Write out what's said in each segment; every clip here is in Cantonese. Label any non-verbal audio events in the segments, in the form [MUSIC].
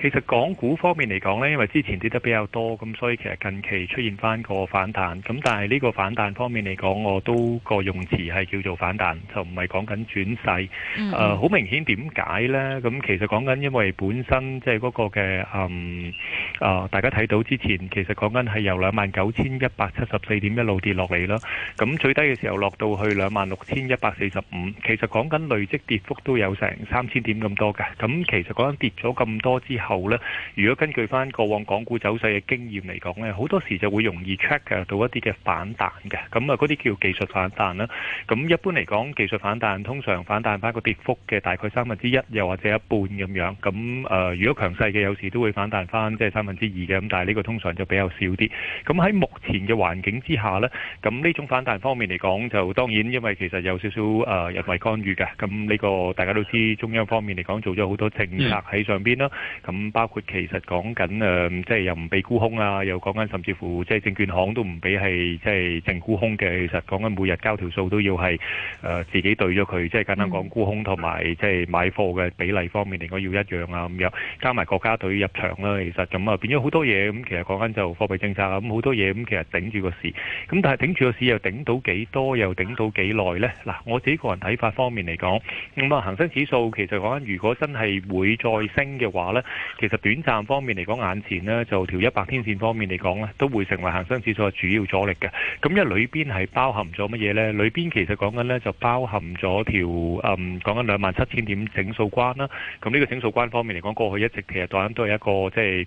其實港股方面嚟講呢，因為之前跌得比較多，咁所以其實近期出現翻個反彈。咁但係呢個反彈方面嚟講，我都個用詞係叫做反彈，就唔係講緊轉勢。好，mm hmm. 呃，明顯點解呢？咁其實講緊因為本身即係嗰個嘅，嗯啊、呃！大家睇到之前其實講緊係由兩萬九千一百七十四點一路跌落嚟啦，咁最低嘅時候落到去兩萬六千一百四十五，其實講緊累積跌幅都有成三千點咁多嘅。咁其實講緊跌咗咁多之後呢，如果根據翻過往港股走勢嘅經驗嚟講呢，好多時就會容易 check 到一啲嘅反彈嘅。咁啊，嗰啲叫技術反彈啦。咁一般嚟講，技術反彈通常反彈翻個跌幅嘅大概三分之一，又或者一半咁樣。咁誒、呃，如果強勢嘅有時都會反彈翻，即係三百分之二嘅，咁但係呢個通常就比較少啲。咁喺目前嘅環境之下呢，咁呢種反彈方面嚟講，就當然因為其實有少少誒人為干預嘅。咁呢個大家都知，中央方面嚟講做咗好多政策喺上邊啦。咁包括其實講緊誒，即係又唔俾沽空啊，又講緊甚至乎即係證券行都唔俾係即係淨沽空嘅。其實講緊每日交條數都要係誒自己對咗佢，即係簡單講沽空同埋即係買貨嘅比例方面，嚟講要一樣啊咁樣。加埋國家隊入場啦，其實咁啊。變咗好多嘢咁，其實講緊就貨幣政策啊，咁好多嘢咁，其實頂住個市，咁但係頂住個市又頂到幾多，又頂到幾耐呢？嗱，我自己個人睇法方面嚟講，咁啊，恆生指數其實講緊，如果真係會再升嘅話呢，其實短暫方面嚟講，眼前呢就條一百天線方面嚟講呢，都會成為恆生指數嘅主要阻力嘅。咁因為裏邊係包含咗乜嘢呢？裏邊其實講緊呢就包含咗條誒，講緊兩萬七千點整數關啦。咁呢個整數關方面嚟講，過去一直其實當中都係一個即係。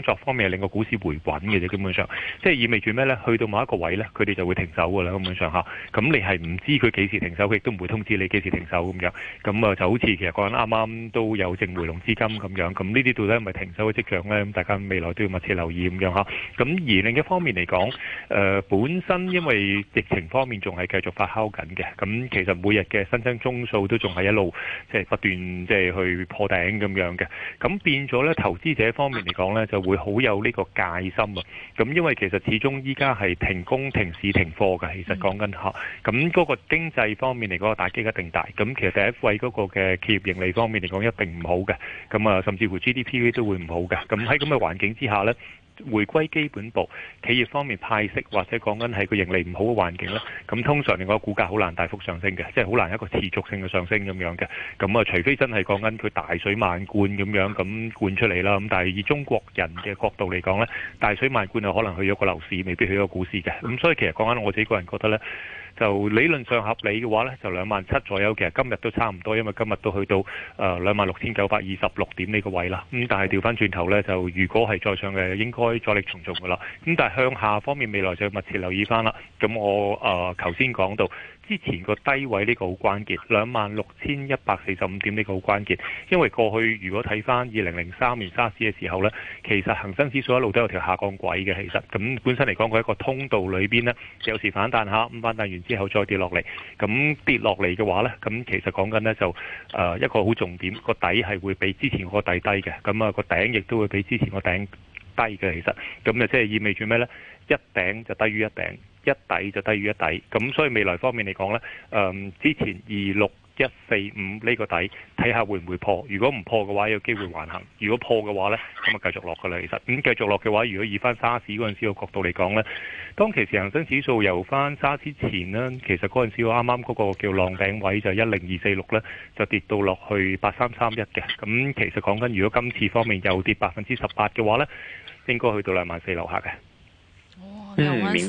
工作方面係令個股市回穩嘅啫，基本上即係意味住咩呢？去到某一個位呢，佢哋就會停手㗎啦，根本上嚇。咁你係唔知佢幾時停手，佢亦都唔會通知你幾時停手咁樣。咁啊，就好似其實講緊啱啱都有淨回籠資金咁樣。咁呢啲到底係咪停手嘅跡象呢？咁大家未來都要密切留意咁樣嚇。咁而另一方面嚟講，誒本身因為疫情方面仲係繼續發酵緊嘅，咁其實每日嘅新增宗數都仲係一路即係不斷即係去破頂咁樣嘅。咁變咗呢，投資者方面嚟講呢就會。會好有呢個戒心啊。咁因為其實始終依家係停工、停市、停貨嘅，其實講緊吓，咁嗰個經濟方面嚟講，個打擊一定大。咁其實第一，為嗰個嘅企業盈利方面嚟講，一定唔好嘅。咁啊，甚至乎 GDP 都會唔好嘅。咁喺咁嘅環境之下呢。回歸基本步，企業方面派息或者講緊係佢盈利唔好嘅環境咧，咁通常你個股價好難大幅上升嘅，即係好難一個持續性嘅上升咁樣嘅。咁啊，除非真係講緊佢大水漫灌咁樣，咁灌出嚟啦。咁但係以中國人嘅角度嚟講呢，大水漫灌係可能去咗個樓市，未必去咗股市嘅。咁所以其實講緊我自己個人覺得呢，就理論上合理嘅話呢，就兩萬七左右，其實今日都差唔多，因為今日都去到誒兩萬六千九百二十六點呢個位啦。咁但係調返轉頭呢，就如果係再上嘅，應該可以阻力重重噶啦，咁但係向下方面，未來就要密切留意翻啦。咁我啊，頭先講到之前個低位呢個好關鍵，兩萬六千一百四十五點呢個好關鍵，因為過去如果睇翻二零零三年沙士嘅時候呢，其實恒生指數一路都有條下降軌嘅，其實咁本身嚟講，佢一個通道裏邊呢，有時反彈下，咁反彈完之後再跌落嚟，咁跌落嚟嘅話呢，咁其實講緊呢，就誒一個好重點，個底係會比之前個底低嘅，咁啊，個頂亦都會比之前個頂。低嘅其實，咁就即係意味住咩呢？一頂就低於一頂，一底就低於一底，咁所以未來方面嚟講呢，誒、嗯、之前二六一四五呢個底，睇下會唔會破。如果唔破嘅話，有機會還行；如果破嘅話呢，咁啊繼續落㗎啦。其實咁、嗯、繼續落嘅話，如果以翻沙士嗰陣時個角度嚟講呢，當其時恒生指數由翻沙士前呢，其實嗰陣時我啱啱嗰個叫浪頂位就一零二四六呢，就跌到落去八三三一嘅。咁其實講緊，如果今次方面又跌百分之十八嘅話呢，應該去到兩萬四樓下嘅。哦，兩萬四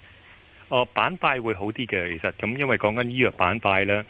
哦，板塊會好啲嘅，其實咁，因為講緊醫藥板塊呢，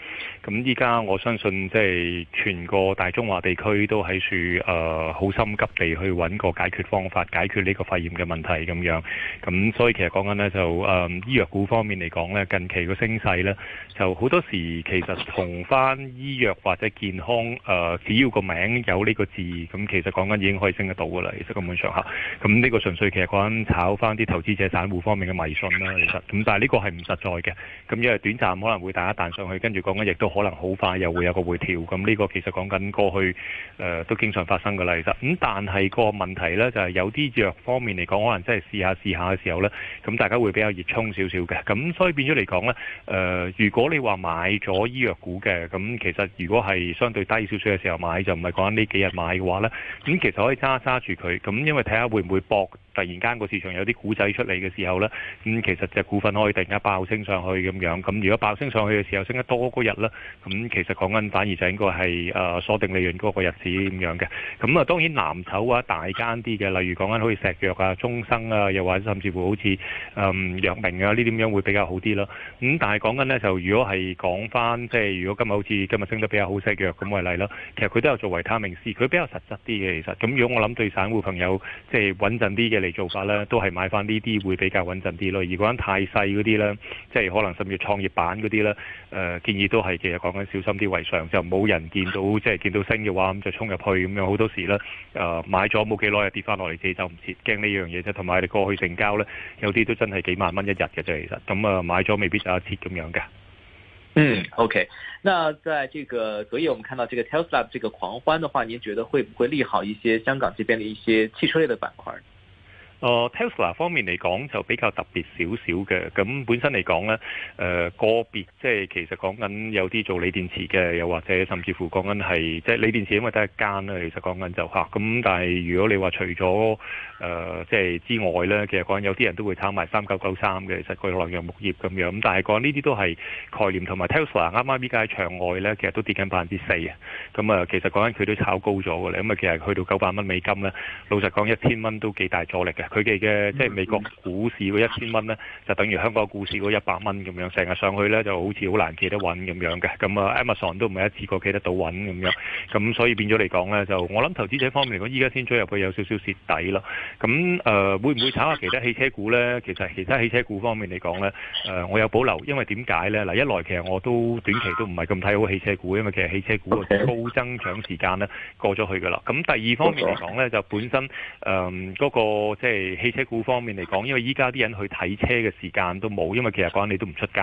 咁依家我相信即係全個大中華地區都喺處誒好、呃、心急地去揾個解決方法，解決呢個肺炎嘅問題咁樣。咁所以其實講緊呢就誒、呃、醫藥股方面嚟講呢，近期個升勢呢就好多時其實同翻醫藥或者健康誒只、呃、要個名有呢個字，咁其實講緊已經可以升得到噶啦，其實根本上吓。咁呢個純粹其實講緊炒翻啲投資者散戶方面嘅迷信啦，其實。咁。但係呢個係唔實在嘅，咁因為短暫可能會大家彈上去，跟住講緊亦都可能好快又會有個回調。咁呢個其實講緊過去誒都經常發生㗎啦，其實。咁但係個問題咧就係有啲藥方面嚟講，可能真係試下試下嘅時候咧，咁大家會比較熱衷少少嘅。咁所以變咗嚟講咧，誒如果你話買咗醫藥股嘅，咁其實如果係相對低少少嘅時候買，就唔係講緊呢幾日買嘅話咧，咁其實可以揸揸住佢，咁因為睇下會唔會博突然間個市場有啲股仔出嚟嘅時候咧，咁其實隻股份我。可以突然間爆升上去咁樣，咁如果爆升上去嘅時候升得多嗰日咧，咁其實講緊反而就應該係誒鎖定利潤嗰個日子咁樣嘅。咁啊當然藍籌或者大間啲嘅，例如講緊好似石藥啊、中生啊，又或者甚至乎好似誒藥明啊呢啲咁樣會比較好啲咯。咁但係講緊咧就如果係講翻即係如果今日好似今日升得比較好，石藥咁為例啦，其實佢都有做維他命 C，佢比較實質啲嘅其實。咁如果我諗對散戶朋友即係穩陣啲嘅嚟做法咧，都係買翻呢啲會比較穩陣啲咯。如果講太細啲咧，即係可能甚至創業板嗰啲咧，誒、呃、建議都係其實講緊小心啲為上，就冇人見到即係見到升嘅話，咁就衝入去咁樣好多時咧，誒、呃、買咗冇幾耐又跌翻落嚟，自己就唔切。驚呢樣嘢啫。同埋你過去成交咧，有啲都真係幾萬蚊一日嘅啫，其實咁啊買咗未必就一切咁樣㗎。嗯，OK。那在這個所以我們看到這個 Tesla 這個狂歡的話，您覺得會不會利好一些香港這邊的一些汽車類的板塊？哦，Tesla 方面嚟講就比較特別少少嘅，咁本身嚟講呢誒、呃、個別即係其實講緊有啲做鋰電池嘅，又或者甚至乎講緊係即係鋰電池，因為得一間其實講緊就嚇咁、啊。但係如果你話除咗誒、呃、即係之外呢，其實講緊有啲人都會炒埋三九九三嘅，其實洛陽鉬業咁樣。咁但係講呢啲都係概念同埋 Tesla 啱啱依家喺場外呢，其實都跌緊百分之四啊。咁啊、嗯，其實講緊佢都炒高咗嘅咧，咁啊其實去到九百蚊美金呢，老實講一千蚊都幾大阻力嘅。佢哋嘅即係美國股市嗰一千蚊呢，就等於香港股市嗰一百蚊咁樣，成日上去呢，就好似好難企得穩咁樣嘅。咁啊，Amazon 都唔係一次過企得到穩咁樣，咁所以變咗嚟講呢，就我諗投資者方面嚟講，依家先追入去有少少蝕底啦。咁誒會唔會炒下其他汽車股呢？其實其他汽車股方面嚟講呢，誒、呃、我有保留，因為點解呢？嗱，一來其實我都短期都唔係咁睇好汽車股，因為其實汽車股高增長時間呢，過咗去㗎啦。咁第二方面嚟講呢，就本身嗰、呃嗰個即、就係汽車股方面嚟講，因為依家啲人去睇車嘅時間都冇，因為其實嗰陣你都唔出街，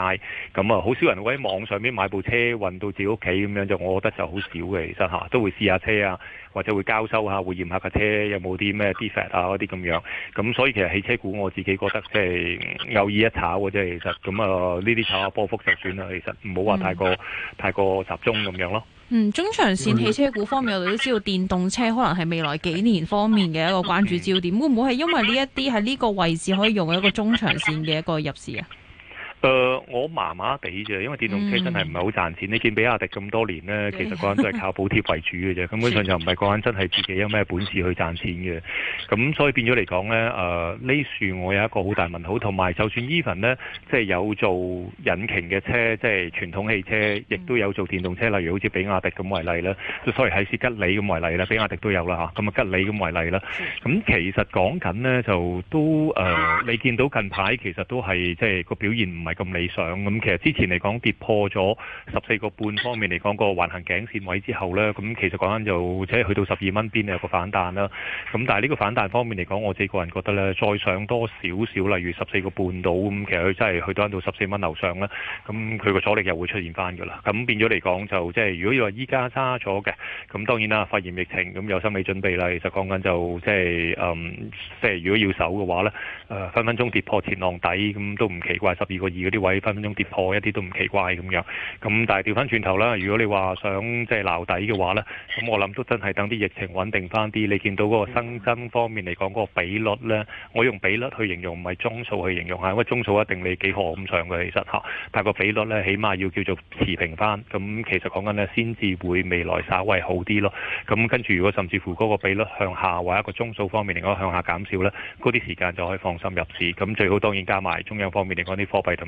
咁啊好少人會喺網上邊買部車運到自己屋企咁樣，就我覺得就好少嘅，其實嚇都會試下車啊，或者會交收下，會驗下架車有冇啲咩 defect 啊嗰啲咁樣，咁所以其實汽車股我自己覺得即係偶爾一炒嘅啫，其實咁啊呢啲炒下波幅就算啦，其實唔好話太過、嗯、太過集中咁樣咯。嗯，中長線汽車股方面，我哋都知道電動車可能係未來幾年方面嘅一個關注焦點，會唔會係因為呢一啲喺呢個位置可以用一個中長線嘅一個入市啊？誒，uh，我麻麻地啫，因為電動車真係唔係好賺錢。嗯、你見比亞迪咁多年呢，其實個人都係靠補貼為主嘅啫， [LAUGHS] 根本上就唔係個人真係自己有咩本事去賺錢嘅。咁所以變咗嚟講呢，誒呢樹我有一個好大問號。同埋就算 Even 呢，即係有做引擎嘅車，即係傳統汽車，亦都有做電動車，例如好似比亞迪咁為例啦， [LAUGHS] 所係喺如係斯吉利咁為例啦，比亞迪都有啦咁，啊吉利咁為例啦，咁、 [LAUGHS] 嗯、其實講緊呢，就都誒、呃，你見到近排其實都係即係、個表現唔咁理想咁，其實之前嚟講跌破咗十四個半方面嚟講個橫行頸線位之後呢，咁其實講緊就即係去到十二蚊邊有個反彈啦。咁但係呢個反彈方面嚟講，我自己個人覺得呢，再上多少少，例如十四個半到咁，其實佢真係去到喺度十四蚊樓上啦。咁佢個阻力又會出現翻㗎啦。咁變咗嚟講就即係，如果要話依家揸咗嘅，咁當然啦，肺炎疫情咁有心理準備啦。其實講緊就即係，即係嗯，即係如果要守嘅話呢，呃，分分鐘跌破前浪底咁都唔奇怪，十二個二嗰啲位分分鐘跌破，一啲都唔奇怪咁樣。咁但係調翻轉頭啦，如果你話想即係撈底嘅話呢，咁我諗都真係等啲疫情穩定翻啲。你見到嗰個新增方面嚟講嗰個比率呢，我用比率去形容，唔係鐘數去形容嚇，因為鐘數一定你幾何咁上嘅其實嚇。但係個比率呢，起碼要叫做持平翻。咁其實講緊呢，先至會未來稍微好啲咯。咁跟住如果甚至乎嗰個比率向下，或者一個鐘數方面嚟講向下減少呢，嗰啲時間就可以放心入市。咁最好當然加埋中央方面嚟講啲貨幣同。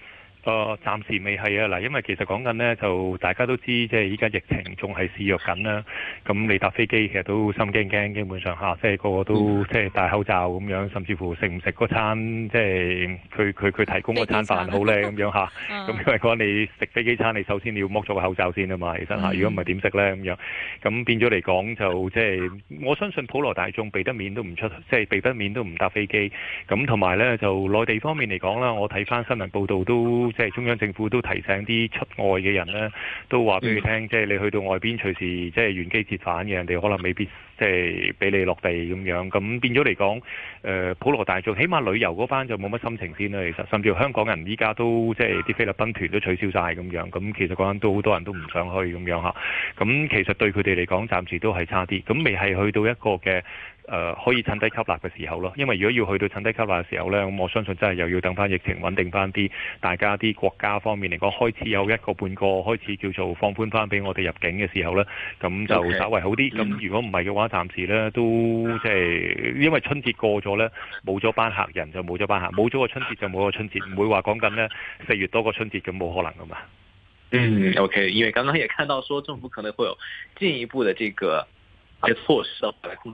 個、啊、暫時未係啊！嗱，因為其實講緊呢，就大家都知，即係依家疫情仲係肆虐緊啦。咁你搭飛機其實都心驚驚，基本上嚇，即、啊、係、就是、個個都即係、嗯、戴口罩咁樣，甚至乎食唔食嗰餐，即係佢佢佢提供嗰餐飯好咧咁樣嚇。咁、啊啊、因為講你食飛機餐，你首先你要剝咗個口罩先啊嘛，其實嚇，如果唔係點食咧咁樣？咁、啊嗯、變咗嚟講就即、就、係、是、我相信普羅大眾避得免都唔出，即、就、係、是、避得免都唔搭飛機。咁同埋咧就內地方面嚟講啦，我睇翻新聞報道都。即係中央政府都提醒啲出外嘅人咧，都話俾佢聽，嗯、即係你去到外邊隨時即係原機折返嘅人哋，可能未必即係俾你落地咁樣。咁變咗嚟講，誒、呃、普羅大眾起碼旅遊嗰班就冇乜心情先啦。其實甚至香港人依家都即係啲菲律賓團都取消晒咁樣，咁其實講緊都好多人都唔想去咁樣嚇。咁其實對佢哋嚟講，暫時都係差啲，咁未係去到一個嘅。誒、呃、可以趁低吸納嘅時候咯，因為如果要去到趁低吸納嘅時候呢，咁、嗯、我相信真係又要等翻疫情穩定翻啲，大家啲國家方面嚟講開始有一個半個開始叫做放寬翻俾我哋入境嘅時候呢，咁就稍微好啲。咁 Okay, 如果唔係嘅話，暫、嗯、時呢都即、就、係、是、因為春節過咗呢，冇咗班客人就冇咗班客人，冇咗個春節就冇個春節，唔會話講緊呢四月多個春節咁冇可能噶嘛。嗯，OK，因為剛剛也看到說政府可能會有進一步嘅、這個、這個措施控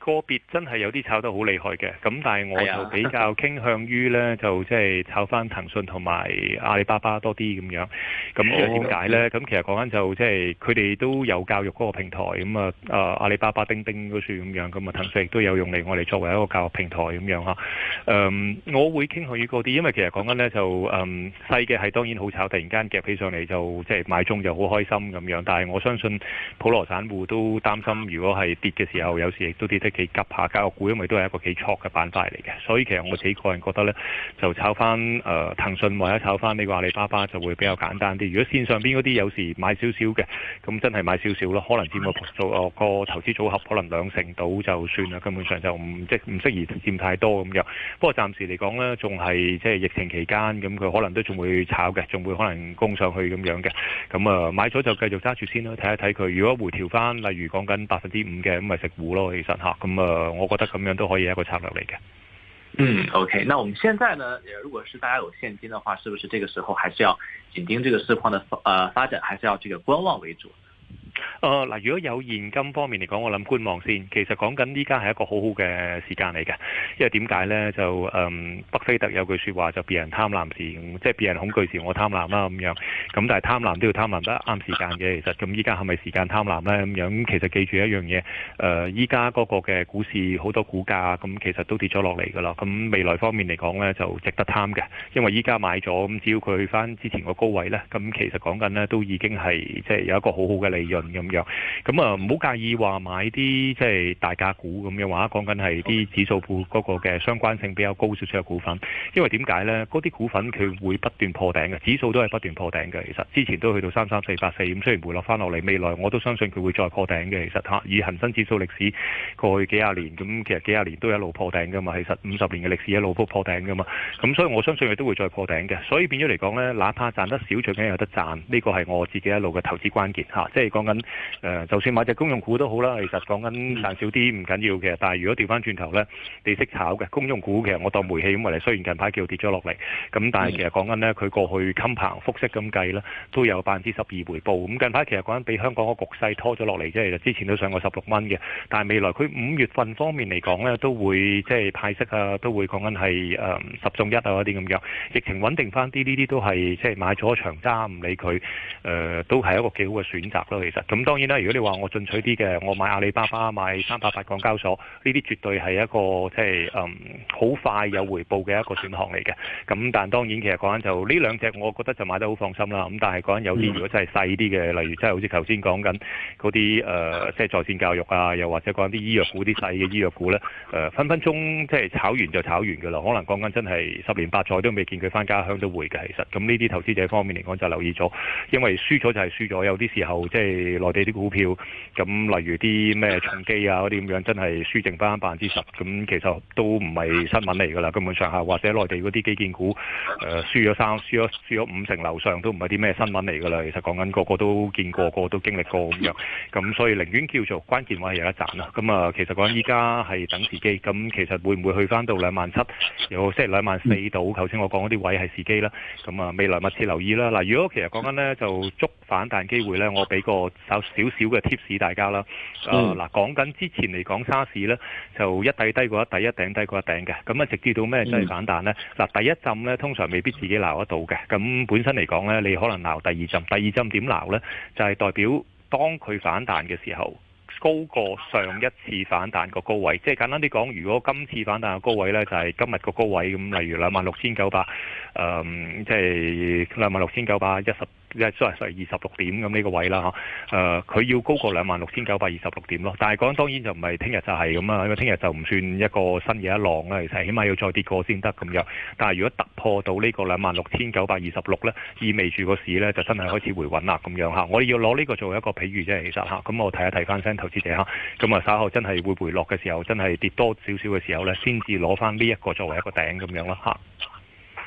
個別真係有啲炒得好厲害嘅，咁但係我就比較傾向於咧，就即係炒翻騰訊同埋阿里巴巴多啲咁樣。咁點解咧？咁其實講緊就即係佢哋都有教育嗰個平台，咁啊啊阿里巴巴、釘釘嗰處咁樣，咁啊騰訊亦都有用嚟我哋作為一個教育平台咁樣嚇。嗯，我會傾向於嗰啲，因為其實講緊咧就嗯細嘅係當然好炒，突然間夾起上嚟就即係買中就好開心咁樣。但係我相信普羅散戶都擔心，如果係跌嘅時候，有時亦都跌得。幾急下教育股，因為都係一個幾錯嘅板塊嚟嘅，所以其實我自己個人覺得呢，就炒翻誒、呃、騰訊，或者炒翻呢個阿里巴巴就會比較簡單啲。如果線上邊嗰啲有時買少少嘅，咁真係買少少咯，可能佔個投資組合可能兩成到就算啦，根本上就唔即唔適宜佔太多咁樣。不過暫時嚟講呢，仲係即係疫情期間咁，佢可能都仲會炒嘅，仲會可能供上去咁樣嘅。咁啊買咗就繼續揸住先啦，睇一睇佢。如果回調翻，例如講緊百分之五嘅，咁咪食糊咯，其實吓。咁啊，我覺得咁樣都可以係一個策略嚟嘅。嗯，OK。那我們現在呢，如果是大家有現金的話，是不是這個時候還是要緊盯這個市況的發呃發展，還是要這個觀望為主？哦，嗱、呃，如果有現金方面嚟講，我諗觀望先。其實講緊依家係一個好好嘅時間嚟嘅，因為點解呢？就嗯，巴菲特有句説話，就別人貪婪時，即係別人恐懼時，我貪婪啦咁樣。咁但係貪婪都要貪婪得啱時間嘅，其實咁依家係咪時間貪婪呢？咁樣其實記住一樣嘢，誒、呃，依家嗰個嘅股市好多股價咁，其實都跌咗落嚟㗎啦。咁未來方面嚟講呢，就值得貪嘅，因為依家買咗咁，只要佢去翻之前個高位呢，咁其實講緊呢，都已經係即係有一個好好嘅利潤。咁樣，咁啊唔好介意話買啲即係大價股咁嘅話，講緊係啲指數股嗰個嘅相關性比較高少少嘅股份，因為點解呢？嗰啲股份佢會不斷破頂嘅，指數都係不斷破頂嘅。其實之前都去到三三四八四，咁雖然回落返落嚟，未來我都相信佢會再破頂嘅。其實嚇，以恒生指數歷史過去幾十年，咁其實幾十年都一路破頂㗎嘛。其實五十年嘅歷史一路都破頂㗎嘛。咁所以我相信佢都會再破頂嘅。所以變咗嚟講呢，哪怕賺得少，最緊要有得賺。呢、這個係我自己一路嘅投資關鍵嚇，即係講緊。就是誒、呃，就算買隻公用股都好啦，其實講緊賺少啲唔緊要嘅。嗯、但係如果調翻轉頭呢，你識炒嘅公用股其實，我當煤氣咁嚟。雖然近排叫跌咗落嚟，咁但係其實講緊呢，佢過去襟行復息咁計啦，都有百分之十二回報。咁近排其實講緊俾香港個局勢拖咗落嚟，即係之前都上過十六蚊嘅。但係未來佢五月份方面嚟講呢，都會即係派息啊，都會講緊係誒十中一啊嗰啲咁樣。疫情穩定翻啲，呢啲都係即係買咗長揸唔理佢，誒、呃、都係一個幾好嘅選擇咯。其實。咁當然啦，如果你話我進取啲嘅，我買阿里巴巴、買三八八港交所呢啲，絕對係一個即係嗯好快有回報嘅一個選項嚟嘅。咁但當然其實講緊就呢兩隻，我覺得就買得好放心啦。咁但係講緊有啲如果真係細啲嘅，例如真係好似頭先講緊嗰啲誒，即係在線教育啊，又或者講緊啲醫藥股啲細嘅醫藥股咧，誒、呃、分分鐘即係炒完就炒完㗎啦。可能講緊真係十年八載都未見佢翻家鄉都會嘅，其實咁呢啲投資者方面嚟講就留意咗，因為輸咗就係輸咗，有啲時候即係內地啲股票，咁例如啲咩重機啊嗰啲咁樣，真係輸剩翻百分之十，咁其實都唔係新聞嚟㗎啦。根本上下或者內地嗰啲基建股，誒，輸咗三、輸咗、輸咗五成樓上，都唔係啲咩新聞嚟㗎啦。其實講緊個個都見過，個個都經歷過咁樣，咁所以寧願叫做關鍵位係有一賺啦。咁啊，其實講緊依家係等時機，咁其實會唔會去翻到兩萬七，又即係兩萬四度？頭先我講嗰啲位係時機啦。咁啊，未來密切留意啦。嗱，如果其實講緊呢就捉反彈機會呢，我俾個有少少嘅 tips 大家啦。嗯、啊嗱，講緊之前嚟講呢，沙士呢就一底低過一底，一頂低過一頂嘅，咁啊直至到咩即係反彈呢？嗱、嗯，第一浸呢，通常未必自己鬧得到嘅，咁本身嚟講呢，你可能鬧第二浸。第二浸點鬧呢？就係、是、代表當佢反彈嘅時候高過上一次反彈個高位，即、就、係、是、簡單啲講，如果今次反彈個高位呢，就係、是、今日個高位咁，例如兩萬六千九百，即係兩萬六千九百一十。即係所係二十六點咁呢個位啦，嚇，誒、呃、佢要高過兩萬六千九百二十六點咯，但係講當然就唔係聽日就係咁啊，因為聽日就唔算一個新嘅一浪啦，其實起碼要再跌過先得咁樣。但係如果突破到呢個兩萬六千九百二十六咧，意味住個市咧就真係開始回穩啦咁樣嚇。我哋要攞呢個作為一個比喻啫，其實嚇，咁、啊、我睇一睇翻先，投資者嚇，咁啊稍後真係會回落嘅時候，真係跌多少少嘅時候咧，先至攞翻呢一個作為一個頂咁樣咯嚇。啊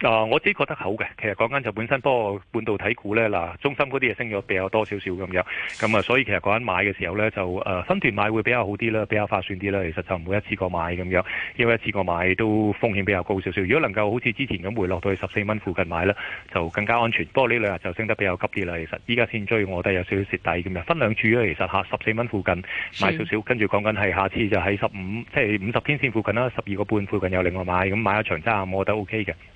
啊、呃！我自己覺得好嘅。其實講緊就本身，不過半導體股咧嗱，中芯嗰啲嘢升咗比較多少少咁樣。咁、嗯、啊，所以其實講緊買嘅時候咧，就誒、呃、分段買會比較好啲啦，比較划算啲啦。其實就唔會一次過買咁樣，因為一次過買都風險比較高少少。如果能夠好似之前咁回落到去十四蚊附近買咧，就更加安全。不過呢兩日就升得比較急啲啦。其實依家先追，我覺得有少少蝕底咁樣分兩處咯。其實吓十四蚊附近買少少，是跟住講緊係下次就喺十五即係五十天線附近啦，十二個半附近有另外買咁、嗯、買一場揸、OK，我覺得 O K 嘅。